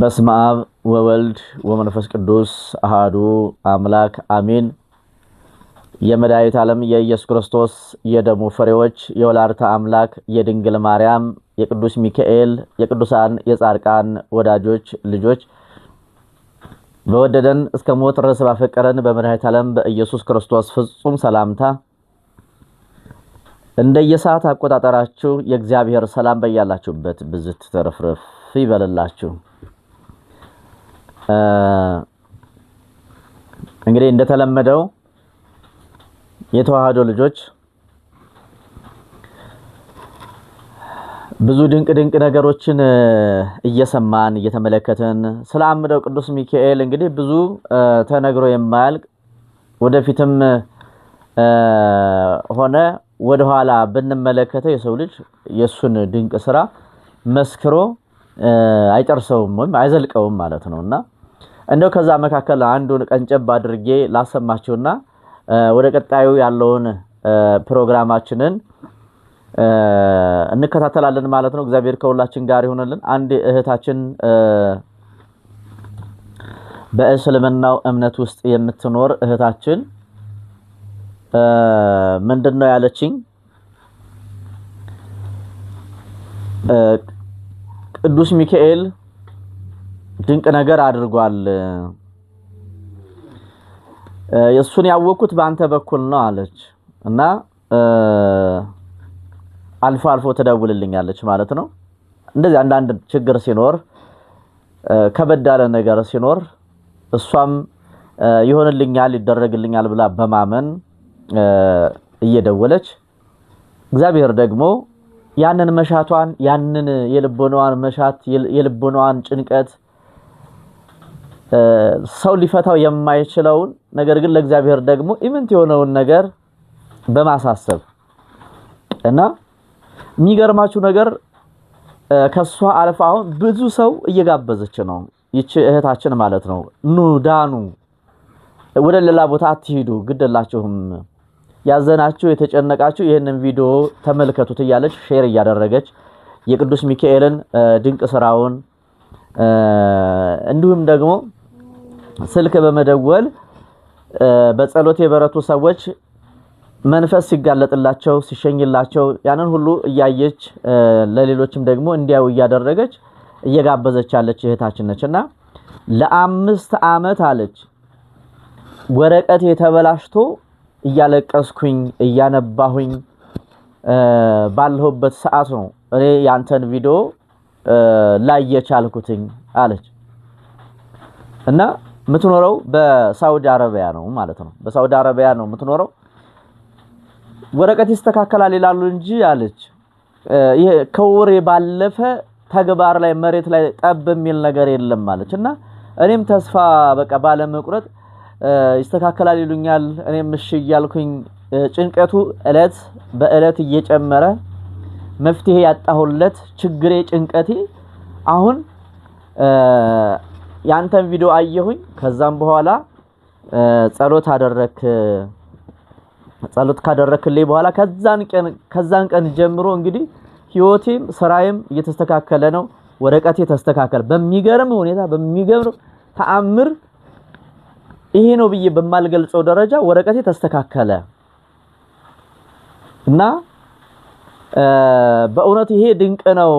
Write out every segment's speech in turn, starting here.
በስመ አብ ወወልድ ወመንፈስ ቅዱስ አሃዱ አምላክ አሚን። የመድኃኒተ ዓለም የኢየሱስ ክርስቶስ የደሙ ፍሬዎች የወላዲተ አምላክ የድንግል ማርያም የቅዱስ ሚካኤል የቅዱሳን የጻድቃን ወዳጆች ልጆች በወደደን እስከ ሞት ድረስ ባፈቀረን በመድኃኒት ዓለም በኢየሱስ ክርስቶስ ፍጹም ሰላምታ እንደየሰዓት አቆጣጠራችሁ የእግዚአብሔር ሰላም በያላችሁበት ብዝት ተረፍረፍ ይበልላችሁ። እንግዲህ እንደተለመደው የተዋህዶ ልጆች ብዙ ድንቅ ድንቅ ነገሮችን እየሰማን እየተመለከትን ስለ አምደው ቅዱስ ሚካኤል እንግዲህ ብዙ ተነግሮ የማያልቅ ወደፊትም ሆነ ወደኋላ ብንመለከተው የሰው ልጅ የእሱን ድንቅ ስራ መስክሮ አይጨርሰውም ወይም አይዘልቀውም ማለት ነው እና እንደው ከዛ መካከል አንዱን ቀንጨብ አድርጌ ላሰማችሁና ወደ ቀጣዩ ያለውን ፕሮግራማችንን እንከታተላለን ማለት ነው። እግዚአብሔር ከሁላችን ጋር ይሆነልን። አንድ እህታችን በእስልምናው እምነት ውስጥ የምትኖር እህታችን ምንድን ነው ያለችኝ? ቅዱስ ሚካኤል ድንቅ ነገር አድርጓል። እሱን ያወቅኩት በአንተ በኩል ነው አለች እና አልፎ አልፎ ትደውልልኛለች ማለት ነው። እንደዚህ አንዳንድ ችግር ሲኖር ከበድ ያለ ነገር ሲኖር እሷም ይሆንልኛል ይደረግልኛል ብላ በማመን እየደወለች እግዚአብሔር ደግሞ ያንን መሻቷን ያንን የልቦናዋን መሻት የልቦናዋን ጭንቀት ሰው ሊፈታው የማይችለውን ነገር ግን ለእግዚአብሔር ደግሞ ኢምንት የሆነውን ነገር በማሳሰብ እና የሚገርማችሁ ነገር ከሷ አልፋ አሁን ብዙ ሰው እየጋበዘች ነው ይቺ እህታችን ማለት ነው። ኑ ዳኑ፣ ወደ ሌላ ቦታ አትሂዱ፣ ግደላችሁም፣ ያዘናችሁ፣ የተጨነቃችሁ ይህንን ቪዲዮ ተመልከቱት እያለች ሼር እያደረገች የቅዱስ ሚካኤልን ድንቅ ስራውን እንዲሁም ደግሞ ስልክ በመደወል በጸሎት የበረቱ ሰዎች መንፈስ ሲጋለጥላቸው ሲሸኝላቸው ያንን ሁሉ እያየች ለሌሎችም ደግሞ እንዲያዩ እያደረገች እየጋበዘች ያለች እህታችን ነች እና ለአምስት ዓመት አለች ወረቀት ተበላሽቶ እያለቀስኩኝ እያነባሁኝ ባለሁበት ሰዓት ነው እኔ ያንተን ቪዲዮ ላየቻልኩትኝ አለች እና የምትኖረው በሳውዲ አረቢያ ነው ማለት ነው። በሳውዲ አረቢያ ነው የምትኖረው። ወረቀት ይስተካከላል ይላሉ እንጂ አለች። ይሄ ከወሬ ባለፈ ተግባር ላይ መሬት ላይ ጠብ የሚል ነገር የለም አለች እና እኔም ተስፋ በቃ ባለመቁረጥ ይስተካከላል ይሉኛል፣ እኔም እሺ እያልኩኝ ጭንቀቱ እለት በእለት እየጨመረ መፍትሄ ያጣሁለት ችግሬ ጭንቀቴ አሁን ያንተን ቪዲዮ አየሁኝ። ከዛም በኋላ ጸሎት አደረክ። ጸሎት ካደረክልኝ በኋላ ከዛን ቀን ከዛን ቀን ጀምሮ እንግዲህ ህይወቴም ስራዬም እየተስተካከለ ነው። ወረቀቴ ተስተካከለ። በሚገርም ሁኔታ በሚገርም ተአምር ይሄ ነው ብዬ በማልገልጸው ደረጃ ወረቀቴ ተስተካከለ እና በእውነት ይሄ ድንቅ ነው።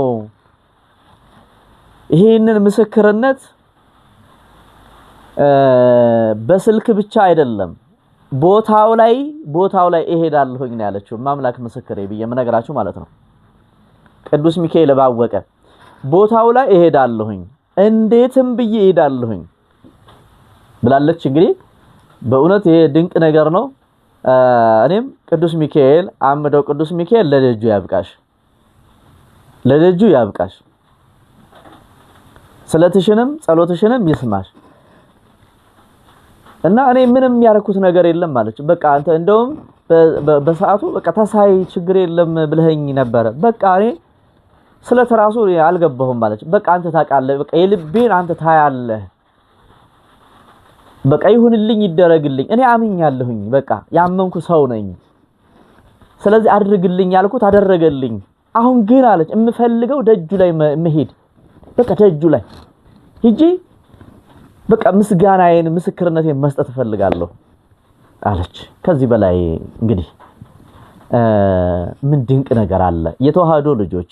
ይሄንን ምስክርነት በስልክ ብቻ አይደለም ቦታው ላይ ቦታው ላይ እሄዳለሁኝ ነው ያለችው። ማምላክ ምስክሬ ብዬ የምነግራችሁ ማለት ነው። ቅዱስ ሚካኤል ባወቀ ቦታው ላይ እሄዳለሁኝ እንዴትም ብዬ እሄዳለሁኝ ብላለች። እንግዲህ በእውነት ይሄ ድንቅ ነገር ነው። እኔም ቅዱስ ሚካኤል አምደው ቅዱስ ሚካኤል ለደጁ ያብቃሽ፣ ለደጁ ያብቃሽ። ስለትሽንም ጸሎትሽንም ይስማሽ። እና እኔ ምንም ያደረኩት ነገር የለም ማለች። በቃ አንተ እንደውም በሰዓቱ በቃ ተሳይ ችግር የለም ብለኸኝ ነበረ። በቃ እኔ ስለ ተራሱ አልገባሁም ማለች። በቃ አንተ ታውቃለህ፣ በቃ የልቤን አንተ ታያለህ። በቃ ይሁንልኝ፣ ይደረግልኝ። እኔ አምኛለሁኝ። በቃ ያመንኩ ሰው ነኝ። ስለዚህ አድርግልኝ ያልኩት አደረገልኝ። አሁን ግን አለች የምፈልገው ደጁ ላይ መሄድ በቃ ደጁ ላይ ሂጂ በቃ ምስጋናዬን፣ ምስክርነቴን መስጠት እፈልጋለሁ አለች። ከዚህ በላይ እንግዲህ ምን ድንቅ ነገር አለ? የተዋህዶ ልጆች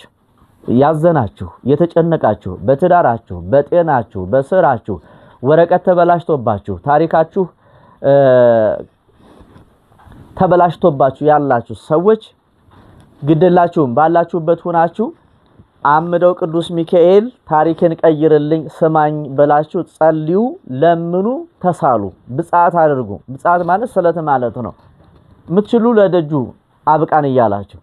ያዘናችሁ፣ የተጨነቃችሁ፣ በትዳራችሁ፣ በጤናችሁ፣ በስራችሁ ወረቀት ተበላሽቶባችሁ ታሪካችሁ ተበላሽቶባችሁ ያላችሁ ሰዎች ግድላችሁም ባላችሁበት ሆናችሁ አምደው ቅዱስ ሚካኤል ታሪክን ቀይርልኝ ስማኝ ብላችሁ ጸልዩ፣ ለምኑ፣ ተሳሉ፣ ብጻት አድርጉ። ብጻት ማለት ስለት ማለት ነው። ምትችሉ ለደጁ አብቃን እያላችሁ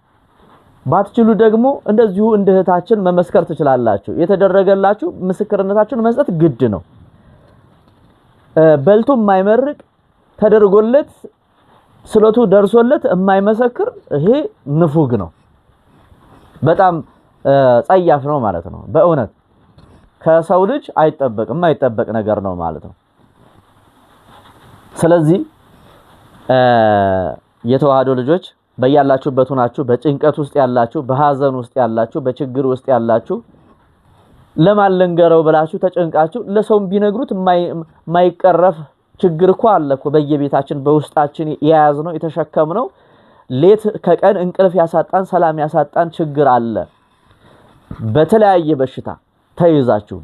ባትችሉ ደግሞ እንደዚሁ እንደ እህታችን መመስከር ትችላላችሁ። የተደረገላችሁ ምስክርነታችሁን መስጠት ግድ ነው። በልቶ የማይመርቅ ተደርጎለት ስለቱ ደርሶለት የማይመሰክር ይሄ ንፉግ ነው በጣም ጸያፍ ነው ማለት ነው። በእውነት ከሰው ልጅ አይጠበቅ የማይጠበቅ ነገር ነው ማለት ነው። ስለዚህ የተዋህዶ ልጆች በያላችሁበት ሆናችሁ በጭንቀት ውስጥ ያላችሁ፣ በሀዘን ውስጥ ያላችሁ፣ በችግር ውስጥ ያላችሁ ለማን ልንገረው ብላችሁ ተጨንቃችሁ ለሰውም ቢነግሩት የማይቀረፍ ችግር እኮ አለ እኮ በየቤታችን በውስጣችን የያዝነው የተሸከምነው ሌት ከቀን እንቅልፍ ያሳጣን ሰላም ያሳጣን ችግር አለ። በተለያየ በሽታ ተይዛችሁ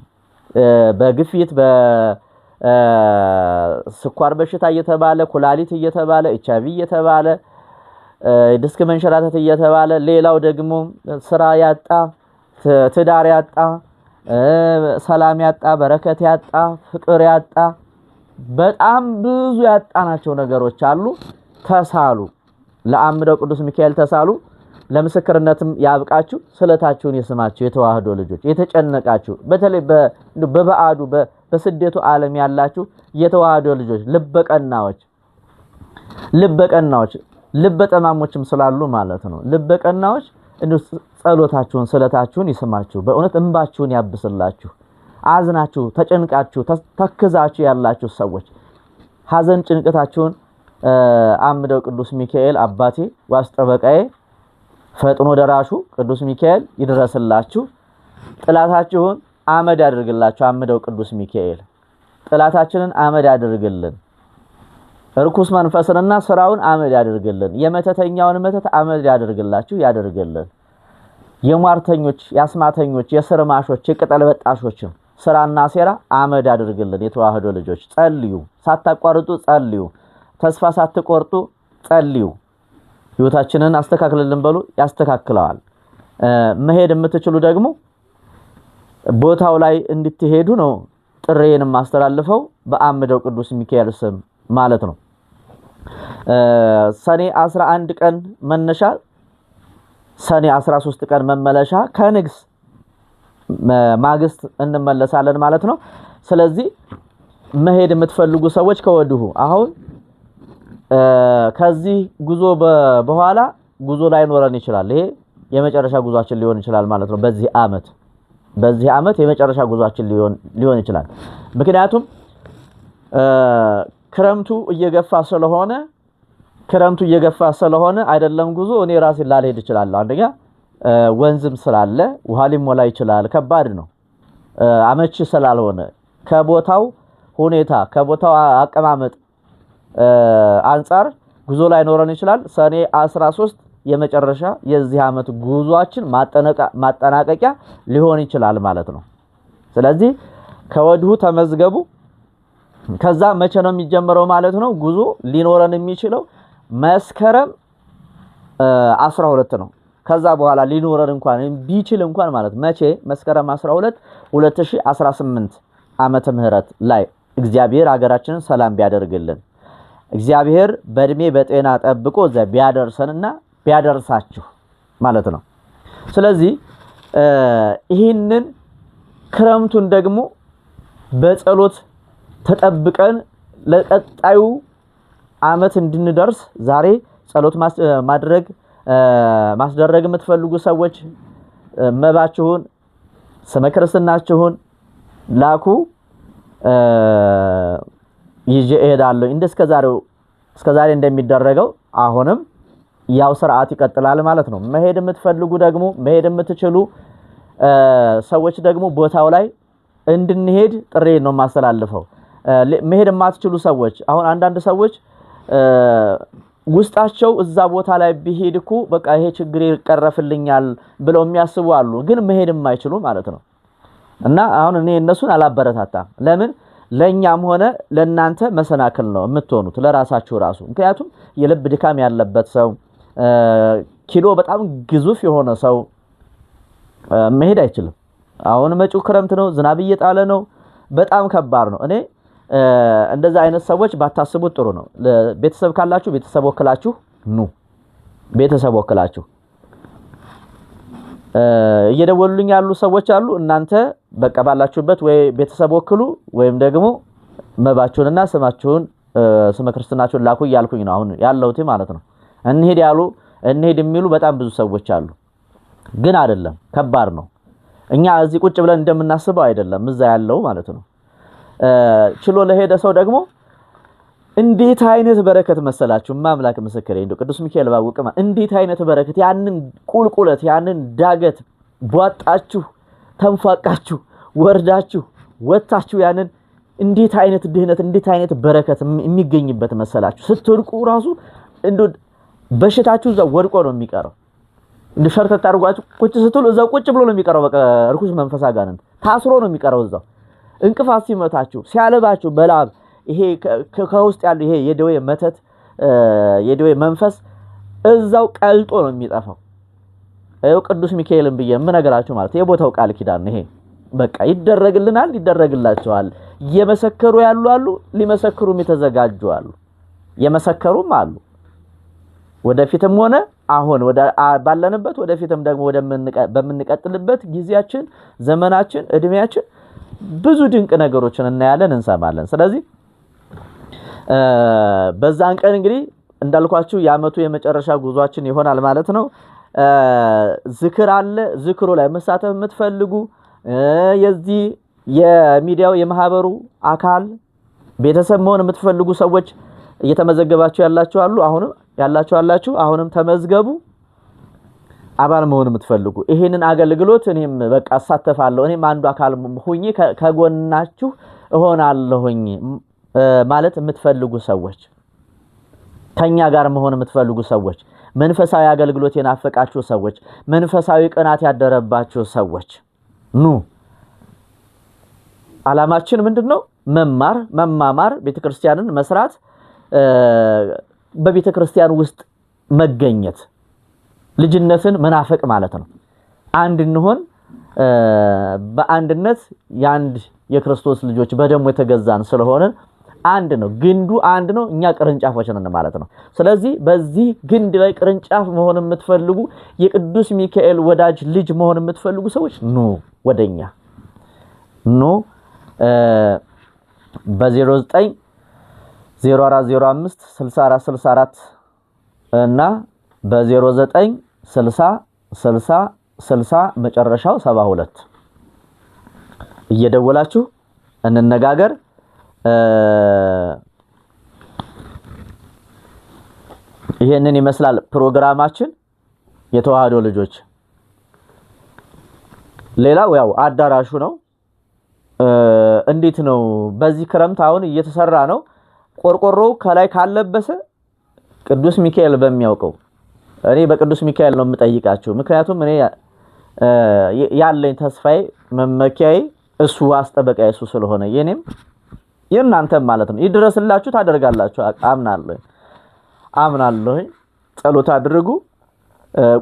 በግፊት በስኳር በሽታ እየተባለ ኩላሊት እየተባለ ኤችአይቪ እየተባለ ዲስክ መንሸራተት እየተባለ ሌላው ደግሞ ስራ ያጣ ትዳር ያጣ ሰላም ያጣ በረከት ያጣ ፍቅር ያጣ በጣም ብዙ ያጣናቸው ነገሮች አሉ። ተሳሉ፣ ለአምደ ቅዱስ ሚካኤል ተሳሉ። ለምስክርነትም ያብቃችሁ። ስለታችሁን የስማችሁ የተዋህዶ ልጆች የተጨነቃችሁ፣ በተለይ በበዓዱ በስደቱ ዓለም ያላችሁ የተዋህዶ ልጆች ልበቀናዎች ልበቀናዎች ልበጠማሞችም ስላሉ ማለት ነው። ልበቀናዎች ጸሎታችሁን ስለታችሁን ይስማችሁ። በእውነት እንባችሁን ያብስላችሁ። አዝናችሁ፣ ተጨንቃችሁ፣ ተክዛችሁ ያላችሁ ሰዎች ሀዘን ጭንቀታችሁን አምደው ቅዱስ ሚካኤል አባቴ ዋስጠበቃዬ ፈጥኖ ደራሹ ቅዱስ ሚካኤል ይድረስላችሁ፣ ጥላታችሁን አመድ ያድርግላችሁ። አምደው ቅዱስ ሚካኤል ጥላታችንን አመድ ያድርግልን፣ እርኩስ መንፈስንና ስራውን አመድ ያድርግልን፣ የመተተኛውን መተት አመድ ያድርግላችሁ፣ ያድርግልን። የሟርተኞች፣ የአስማተኞች፣ የስርማሾች፣ የቅጠል በጣሾች ስራና ሴራ አመድ ያድርግልን። የተዋህዶ ልጆች ጸልዩ፣ ሳታቋርጡ ጸልዩ፣ ተስፋ ሳትቆርጡ ጸልዩ። ህይወታችንን አስተካክልልን በሉ ያስተካክለዋል። መሄድ የምትችሉ ደግሞ ቦታው ላይ እንድትሄዱ ነው ጥሬንም ማስተላልፈው በአምደው ቅዱስ ሚካኤል ስም ማለት ነው። ሰኔ 11 ቀን መነሻ ሰኔ 13 ቀን መመለሻ ከንግስ ማግስት እንመለሳለን ማለት ነው። ስለዚህ መሄድ የምትፈልጉ ሰዎች ከወዲሁ አሁን ከዚህ ጉዞ በኋላ ጉዞ ላይኖረን ይችላል። ይሄ የመጨረሻ ጉዟችን ሊሆን ይችላል ማለት ነው። በዚህ አመት በዚህ አመት የመጨረሻ ጉዟችን ሊሆን ይችላል። ምክንያቱም ክረምቱ እየገፋ ስለሆነ ክረምቱ እየገፋ ስለሆነ አይደለም ጉዞ እኔ ራሴን ላልሄድ እችላለሁ። አንደኛ ወንዝም ስላለ ውሃ ሊሞላ ይችላል። ከባድ ነው። አመቺ ስላልሆነ ከቦታው ሁኔታ ከቦታው አቀማመጥ አንጻር ጉዞ ላይኖረን ይችላል። ሰኔ 13 የመጨረሻ የዚህ ዓመት ጉዟችን ማጠናቀቂያ ሊሆን ይችላል ማለት ነው። ስለዚህ ከወዲሁ ተመዝገቡ። ከዛ መቼ ነው የሚጀመረው ማለት ነው? ጉዞ ሊኖረን የሚችለው መስከረም 12 ነው። ከዛ በኋላ ሊኖረን እንኳን ቢችል እንኳን ማለት መቼ መስከረም 12 2018 ዓመተ ምህረት ላይ እግዚአብሔር ሀገራችንን ሰላም ቢያደርግልን እግዚአብሔር በእድሜ በጤና ጠብቆ እዛ ቢያደርሰንና ቢያደርሳችሁ ማለት ነው። ስለዚህ ይህንን ክረምቱን ደግሞ በጸሎት ተጠብቀን ለቀጣዩ ዓመት እንድንደርስ ዛሬ ጸሎት ማድረግ ማስደረግ የምትፈልጉ ሰዎች መባችሁን ስመ ክርስትናችሁን ላኩ። ይዤ እሄዳለሁ። እንደ እስከዛሬው እስከዛሬ እንደሚደረገው አሁንም ያው ስርዓት ይቀጥላል ማለት ነው። መሄድ የምትፈልጉ ደግሞ መሄድ የምትችሉ ሰዎች ደግሞ ቦታው ላይ እንድንሄድ ጥሪ ነው የማስተላልፈው። መሄድ የማትችሉ ሰዎች አሁን አንዳንድ ሰዎች ውስጣቸው እዛ ቦታ ላይ ቢሄድ እኮ በቃ ይሄ ችግር ይቀረፍልኛል ብለው የሚያስቡ አሉ፣ ግን መሄድ የማይችሉ ማለት ነው። እና አሁን እኔ እነሱን አላበረታታም። ለምን ለእኛም ሆነ ለእናንተ መሰናክል ነው የምትሆኑት ለራሳችሁ ራሱ። ምክንያቱም የልብ ድካም ያለበት ሰው፣ ኪሎ በጣም ግዙፍ የሆነ ሰው መሄድ አይችልም። አሁን መጪው ክረምት ነው፣ ዝናብ እየጣለ ነው። በጣም ከባድ ነው። እኔ እንደዛ አይነት ሰዎች ባታስቡት ጥሩ ነው። ቤተሰብ ካላችሁ ቤተሰብ ወክላችሁ ኑ። ቤተሰብ ወክላችሁ እየደወሉልኝ ያሉ ሰዎች አሉ። እናንተ በቃ ባላችሁበት ወይ ቤተሰብ ወክሉ ወይም ደግሞ መባችሁንና ስማችሁን ስመ ክርስትናችሁን ላኩ እያልኩኝ ነው አሁን ያለሁት ማለት ነው። እንሄድ ያሉ እንሄድ የሚሉ በጣም ብዙ ሰዎች አሉ። ግን አይደለም ከባድ ነው። እኛ እዚህ ቁጭ ብለን እንደምናስበው አይደለም እዛ ያለው ማለት ነው። ችሎ ለሄደ ሰው ደግሞ እንዴት አይነት በረከት መሰላችሁ! ማምላክ ምስክሬ እንደው ቅዱስ ሚካኤል ባወቀ እንዴት አይነት በረከት! ያንን ቁልቁለት ያንን ዳገት ቧጣችሁ፣ ተንፏቃችሁ፣ ወርዳችሁ፣ ወጣችሁ ያንን እንዴት አይነት ድህነት እንዴት አይነት በረከት የሚገኝበት መሰላችሁ! ስትወድቁ ራሱ እንደው በሽታችሁ እዛ ወድቆ ነው የሚቀረው። እንደ አድርጓችሁ ቁጭ ስትሉ እዛው ቁጭ ብሎ ነው የሚቀረው። በቃ እርኩስ መንፈስ ታስሮ ነው የሚቀረው እዛው። እንቅፋት ሲመታችሁ ሲያለባችሁ በላብ ይሄ ከውስጥ ያለው ይሄ የደዌ መተት የደዌ መንፈስ እዛው ቀልጦ ነው የሚጠፋው። ይኸው ቅዱስ ሚካኤልን ብዬ የምነግራችሁ ማለት የቦታው ቃል ኪዳን ይሄ በቃ ይደረግልናል፣ ይደረግላቸዋል። እየመሰከሩ ያሉ አሉ፣ ሊመሰክሩም የተዘጋጁ አሉ፣ የመሰከሩም አሉ። ወደፊትም ሆነ አሁን ባለንበት ወደፊትም ደግሞ በምንቀጥልበት ጊዜያችን፣ ዘመናችን፣ እድሜያችን ብዙ ድንቅ ነገሮችን እናያለን፣ እንሰማለን። ስለዚህ በዛን ቀን እንግዲህ እንዳልኳችሁ የአመቱ የመጨረሻ ጉዟችን ይሆናል ማለት ነው። ዝክር አለ። ዝክሩ ላይ መሳተፍ የምትፈልጉ የዚህ የሚዲያው የማህበሩ አካል ቤተሰብ መሆን የምትፈልጉ ሰዎች እየተመዘገባችሁ ያላችሁ አሉ። አሁንም ያላችሁ አላችሁ። አሁንም ተመዝገቡ። አባል መሆን የምትፈልጉ ይሄንን አገልግሎት እኔም በቃ እሳተፋለሁ፣ እኔም አንዱ አካል ሁኜ ከጎናችሁ እሆናለሁኝ ማለት የምትፈልጉ ሰዎች ከኛ ጋር መሆን የምትፈልጉ ሰዎች መንፈሳዊ አገልግሎት የናፈቃችሁ ሰዎች መንፈሳዊ ቅናት ያደረባችሁ ሰዎች ኑ። አላማችን ምንድን ነው? መማር፣ መማማር፣ ቤተክርስቲያንን መስራት፣ በቤተክርስቲያን ውስጥ መገኘት ልጅነትን መናፈቅ ማለት ነው። አንድ እንሆን በአንድነት የአንድ የክርስቶስ ልጆች በደሙ የተገዛን ስለሆነ አንድ ነው፣ ግንዱ አንድ ነው። እኛ ቅርንጫፎች ነን ማለት ነው። ስለዚህ በዚህ ግንድ ላይ ቅርንጫፍ መሆን የምትፈልጉ የቅዱስ ሚካኤል ወዳጅ ልጅ መሆን የምትፈልጉ ሰዎች ኑ ወደኛ ኑ በ09 0405 64 64 እና በ09 60 60 60 መጨረሻው 72 እየደወላችሁ እንነጋገር። ይሄንን ይመስላል ፕሮግራማችን። የተዋህዶ ልጆች ሌላው ያው አዳራሹ ነው። እንዴት ነው? በዚህ ክረምት አሁን እየተሰራ ነው። ቆርቆሮው ከላይ ካለበሰ ቅዱስ ሚካኤል በሚያውቀው እኔ በቅዱስ ሚካኤል ነው የምጠይቃቸው። ምክንያቱም እኔ ያለኝ ተስፋዬ መመኪያዬ እሱ አስጠበቃ እሱ ስለሆነ የኔም የእናንተም ማለት ነው ይድረስላችሁ ታደርጋላችሁ። አምናለሁ አምናለሁ። ጸሎት አድርጉ።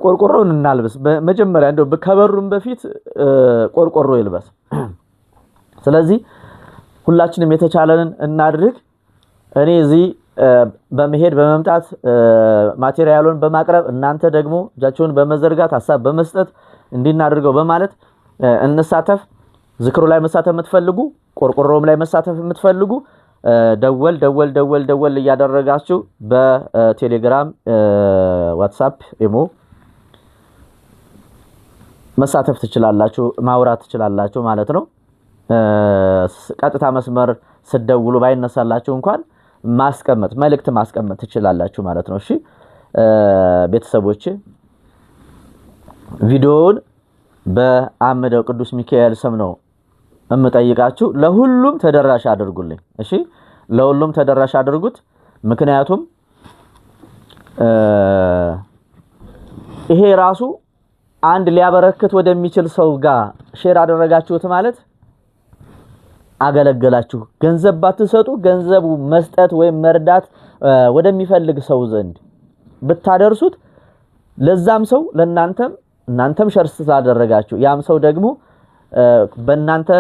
ቆርቆሮን እናልብስ። መጀመሪያ እንደው ከበሩም በፊት ቆርቆሮ ይልበስ። ስለዚህ ሁላችንም የተቻለንን እናድርግ። እኔ እዚህ በመሄድ በመምጣት ማቴሪያሉን በማቅረብ እናንተ ደግሞ እጃቸውን በመዘርጋት ሀሳብ በመስጠት እንድናደርገው በማለት እንሳተፍ። ዝክሩ ላይ መሳተፍ የምትፈልጉ ቆርቆሮም ላይ መሳተፍ የምትፈልጉ ደወል ደወል ደወል ደወል እያደረጋችሁ በቴሌግራም ዋትሳፕ፣ ኢሞ መሳተፍ ትችላላችሁ፣ ማውራት ትችላላችሁ ማለት ነው። ቀጥታ መስመር ስደውሉ ባይነሳላችሁ እንኳን ማስቀመጥ መልእክት ማስቀመጥ ትችላላችሁ ማለት ነው። እሺ ቤተሰቦች ቪዲዮውን በአምደው ቅዱስ ሚካኤል ስም ነው እምጠይቃችሁ ለሁሉም ተደራሽ አድርጉልኝ። እሺ ለሁሉም ተደራሽ አድርጉት። ምክንያቱም ይሄ ራሱ አንድ ሊያበረክት ወደሚችል ሰው ጋር ሼር አደረጋችሁት ማለት አገለገላችሁ። ገንዘብ ባትሰጡ ገንዘቡ መስጠት ወይም መርዳት ወደሚፈልግ ሰው ዘንድ ብታደርሱት ለዛም ሰው ለእናንተም እናንተም ሸርስ ስላደረጋችሁ ያም ሰው ደግሞ በእናንተ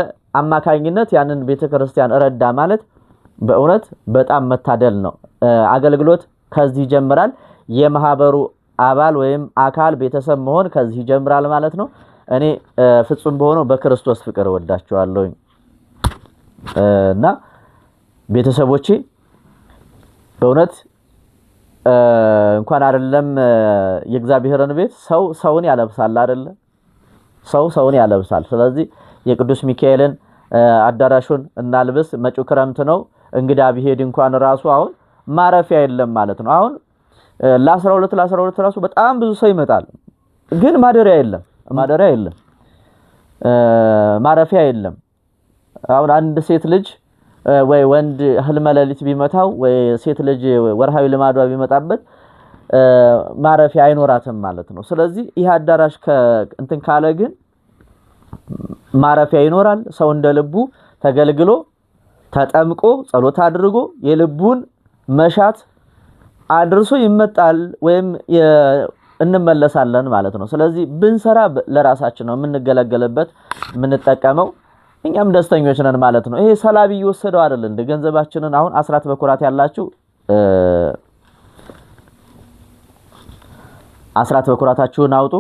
አማካኝነት ያንን ቤተ ክርስቲያን ረዳ ማለት በእውነት በጣም መታደል ነው። አገልግሎት ከዚህ ይጀምራል። የማህበሩ አባል ወይም አካል ቤተሰብ መሆን ከዚህ ይጀምራል ማለት ነው። እኔ ፍጹም በሆነው በክርስቶስ ፍቅር እወዳቸዋለሁኝ እና ቤተሰቦቼ በእውነት እንኳን አይደለም የእግዚአብሔርን ቤት ሰው ሰውን ያለብሳል አይደለ? ሰው ሰውን ያለብሳል። ስለዚህ የቅዱስ ሚካኤልን አዳራሹን እናልብስ። መጪው ክረምት ነው። እንግዳ ብሄድ እንኳን ራሱ አሁን ማረፊያ የለም ማለት ነው። አሁን ለ12 ለ12 ራሱ በጣም ብዙ ሰው ይመጣል፣ ግን ማደሪያ የለም። ማደሪያ የለም፣ ማረፊያ የለም። አሁን አንድ ሴት ልጅ ወይ ወንድ ህልመ ሌሊት ቢመታው ወይ ሴት ልጅ ወርሃዊ ልማዷ ቢመጣበት ማረፊያ አይኖራትም ማለት ነው። ስለዚህ ይህ አዳራሽ እንትን ካለ ግን ማረፊያ ይኖራል። ሰው እንደ ልቡ ተገልግሎ ተጠምቆ ጸሎት አድርጎ የልቡን መሻት አድርሶ ይመጣል ወይም እንመለሳለን ማለት ነው። ስለዚህ ብንሰራ ለራሳችን ነው የምንገለገልበት የምንጠቀመው እኛም ደስተኞች ነን ማለት ነው። ይሄ ሰላቢ እየወሰደው አይደል እንደ ገንዘባችንን አሁን አስራት በኩራት ያላችሁ አስራት በኩራታችሁን አውጡ፣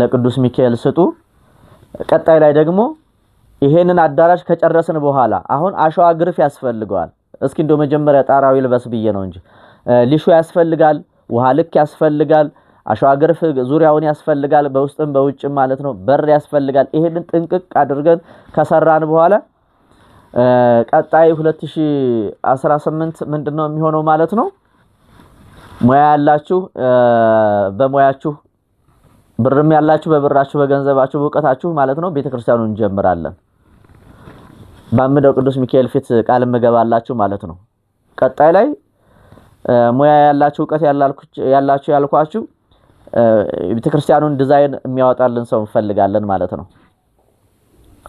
ለቅዱስ ሚካኤል ስጡ። ቀጣይ ላይ ደግሞ ይሄንን አዳራሽ ከጨረስን በኋላ አሁን አሸዋ ግርፍ ያስፈልገዋል። እስኪ እንደ መጀመሪያ ጣራዊ ልበስ ብዬ ነው እንጂ ሊሾ ያስፈልጋል፣ ውሃ ልክ ያስፈልጋል፣ አሸዋ ግርፍ ዙሪያውን ያስፈልጋል፣ በውስጥም በውጭም ማለት ነው። በር ያስፈልጋል። ይሄንን ጥንቅቅ አድርገን ከሰራን በኋላ ቀጣይ 2018 ምንድነው የሚሆነው ማለት ነው። ሙያ ያላችሁ በሙያችሁ ብርም ያላችሁ በብራችሁ በገንዘባችሁ በእውቀታችሁ ማለት ነው ቤተክርስቲያኑን እንጀምራለን። ባምደው ቅዱስ ሚካኤል ፊት ቃል ምገባላችሁ ማለት ነው። ቀጣይ ላይ ሙያ ያላችሁ እውቀት ያላችሁ ያልኳችሁ ቤተክርስቲያኑን ዲዛይን የሚያወጣልን ሰው እንፈልጋለን ማለት ነው።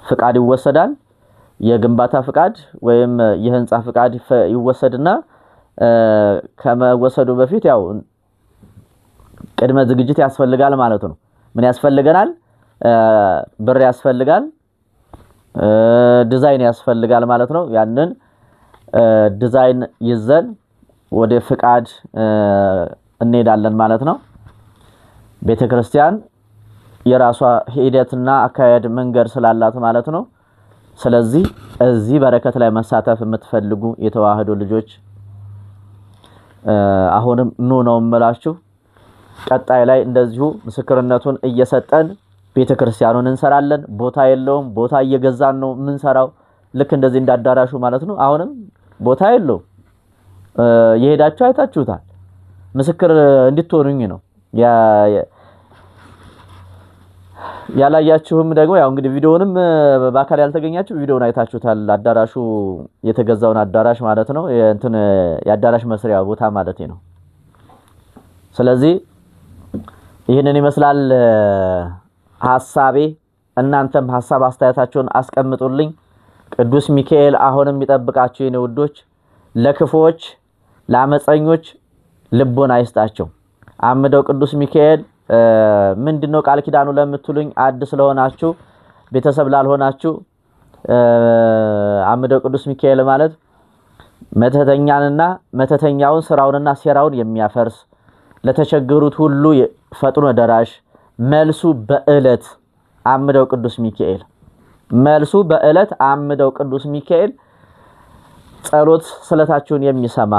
ፍቃድ ይወሰዳል። የግንባታ ፍቃድ ወይም የህንፃ ፍቃድ ይወሰድና ከመወሰዱ በፊት ያው ቅድመ ዝግጅት ያስፈልጋል ማለት ነው። ምን ያስፈልገናል? ብር ያስፈልጋል፣ ዲዛይን ያስፈልጋል ማለት ነው። ያንን ዲዛይን ይዘን ወደ ፍቃድ እንሄዳለን ማለት ነው። ቤተክርስቲያን የራሷ ሂደትና አካሄድ መንገድ ስላላት ማለት ነው። ስለዚህ እዚህ በረከት ላይ መሳተፍ የምትፈልጉ የተዋህዶ ልጆች አሁንም ኑ ነው የምላችሁ። ቀጣይ ላይ እንደዚሁ ምስክርነቱን እየሰጠን ቤተ ክርስቲያኑን እንሰራለን። ቦታ የለውም፣ ቦታ እየገዛን ነው የምንሰራው። ልክ እንደዚህ እንዳዳራሹ ማለት ነው። አሁንም ቦታ የለው የሄዳችሁ አይታችሁታል። ምስክር እንድትሆኑኝ ነው። ያላያችሁም ደግሞ ያው እንግዲህ ቪዲዮውንም በአካል ያልተገኛችሁ ቪዲዮውን አይታችሁታል። አዳራሹ የተገዛውን አዳራሽ ማለት ነው። እንትን የአዳራሽ መስሪያ ቦታ ማለት ነው። ስለዚህ ይህንን ይመስላል ሀሳቤ። እናንተም ሀሳብ አስተያየታችሁን አስቀምጡልኝ። ቅዱስ ሚካኤል አሁንም የሚጠብቃቸው የኔ ውዶች። ለክፉዎች ለአመፀኞች ልቦን አይስጣቸው። አምደው ቅዱስ ሚካኤል ምንድን ነው ቃል ኪዳኑ ለምትሉኝ አዲስ ለሆናችሁ ቤተሰብ ላልሆናችሁ አምደው ቅዱስ ሚካኤል ማለት መተተኛንና መተተኛውን ስራውንና ሴራውን የሚያፈርስ ለተቸገሩት ሁሉ ፈጥኖ ደራሽ መልሱ በእለት አምደው ቅዱስ ሚካኤል መልሱ በእለት አምደው ቅዱስ ሚካኤል ጸሎት ስለታችሁን የሚሰማ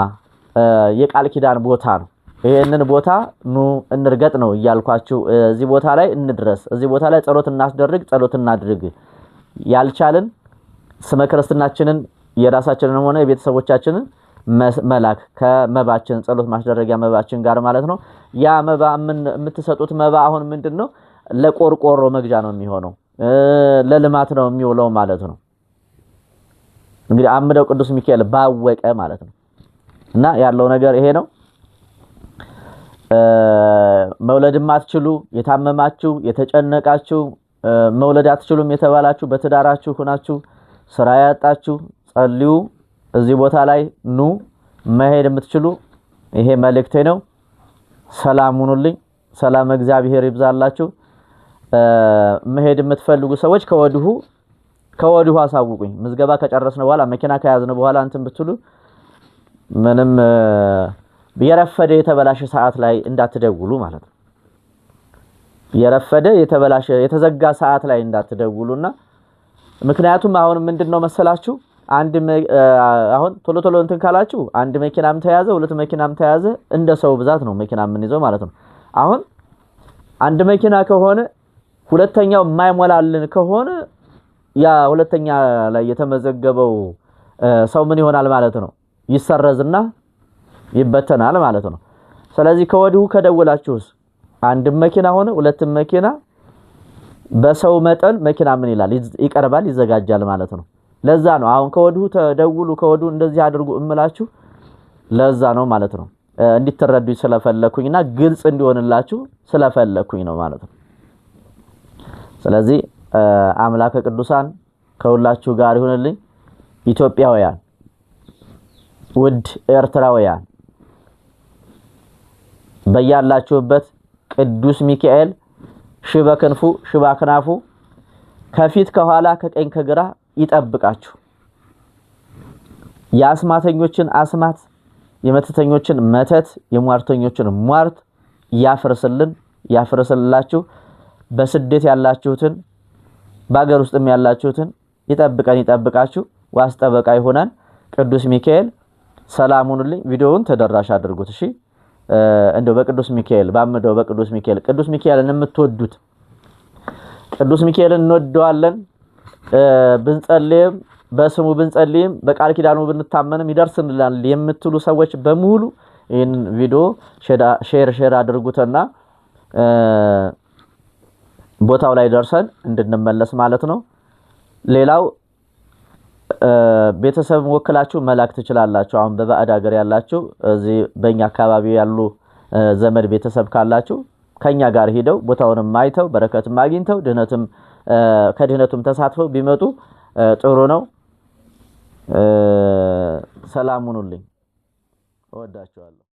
የቃል ኪዳን ቦታ ነው። ይህንን ቦታ ኑ እንርገጥ ነው እያልኳችሁ፣ እዚህ ቦታ ላይ እንድረስ፣ እዚህ ቦታ ላይ ጸሎት እናስደርግ፣ ጸሎት እናድርግ። ያልቻልን ስመ ክርስትናችንን የራሳችንን ሆነ የቤተሰቦቻችንን መላክ ከመባችን ጸሎት ማስደረጊያ መባችን ጋር ማለት ነው። ያ መባ የምትሰጡት መባ አሁን ምንድን ነው? ለቆርቆሮ መግዣ ነው የሚሆነው፣ ለልማት ነው የሚውለው ማለት ነው። እንግዲህ አምደው ቅዱስ ሚካኤል ባወቀ ማለት ነው። እና ያለው ነገር ይሄ ነው። መውለድ ማትችሉ የታመማችሁ፣ የተጨነቃችሁ፣ መውለድ አትችሉም የተባላችሁ፣ በትዳራችሁ ሁናችሁ ስራ ያጣችሁ ጸልዩ። እዚህ ቦታ ላይ ኑ መሄድ የምትችሉ ይሄ መልእክቴ ነው። ሰላም ሁኑልኝ። ሰላም እግዚአብሔር ይብዛላችሁ። መሄድ የምትፈልጉ ሰዎች ከወዲሁ ከወዲሁ አሳውቁኝ። ምዝገባ ከጨረስነው በኋላ መኪና ከያዝነው በኋላ እንትን ብትሉ ምንም የረፈደ የተበላሸ ሰዓት ላይ እንዳትደውሉ ማለት ነው። የረፈደ የተበላሸ የተዘጋ ሰዓት ላይ እንዳትደውሉና ምክንያቱም አሁን ምንድን ነው መሰላችሁ አንድ አሁን ቶሎ ቶሎ እንትን ካላችሁ አንድ መኪናም ተያዘ፣ ሁለት መኪናም ተያዘ፣ እንደ ሰው ብዛት ነው መኪና የምንይዘው ማለት ነው። አሁን አንድ መኪና ከሆነ ሁለተኛው የማይሞላልን ከሆነ ያ ሁለተኛ ላይ የተመዘገበው ሰው ምን ይሆናል ማለት ነው? ይሰረዝና ይበተናል ማለት ነው። ስለዚህ ከወዲሁ ከደወላችሁስ አንድ መኪና ሆነ ሁለት መኪና በሰው መጠን መኪና ምን ይላል? ይቀርባል፣ ይዘጋጃል ማለት ነው። ለዛ ነው አሁን ከወዲሁ ተደውሉ ከወዲሁ እንደዚህ አድርጉ እምላችሁ ለዛ ነው ማለት ነው። እንዲትረዱኝ ስለፈለኩኝና ግልጽ እንዲሆንላችሁ ስለፈለኩኝ ነው ማለት ነው። ስለዚህ አምላከ ቅዱሳን ከሁላችሁ ጋር ይሁንልኝ። ኢትዮጵያውያን፣ ውድ ኤርትራውያን በያላችሁበት ቅዱስ ሚካኤል ሺህ በክንፉ ከፊት ከኋላ ከቀኝ ከግራ ይጠብቃችሁ። የአስማተኞችን አስማት፣ የመተተኞችን መተት፣ የሟርተኞችን ሟርት ያፍርስልን፣ ያፍርስላችሁ። በስደት ያላችሁትን በአገር ውስጥም ያላችሁትን ይጠብቀን፣ ይጠብቃችሁ። ዋስጠበቃ ጠበቃ ይሆናል ቅዱስ ሚካኤል። ሰላሙንልኝ። ቪዲዮውን ተደራሽ አድርጉት። እሺ እንደው በቅዱስ ሚካኤል ባምደው በቅዱስ ሚካኤል ቅዱስ ሚካኤልን የምትወዱት ቅዱስ ሚካኤልን እንወደዋለን። ብንጸልይም በስሙ ብንጸልይም በቃል ኪዳኑ ብንታመንም ይደርስልናል የምትሉ ሰዎች በሙሉ ይህን ቪዲዮ ሼር ሼር አድርጉትና ቦታው ላይ ደርሰን እንድንመለስ ማለት ነው። ሌላው ቤተሰብ ወክላችሁ መላክ ትችላላችሁ። አሁን በባዕድ ሀገር ያላችሁ እዚህ በእኛ አካባቢ ያሉ ዘመድ ቤተሰብ ካላችሁ ከኛ ጋር ሂደው ቦታውንም አይተው በረከትም አግኝተው ድህነትም ከድህነቱም ተሳትፈው ቢመጡ ጥሩ ነው። ሰላም ሁኑልኝ። እወዳቸዋለሁ።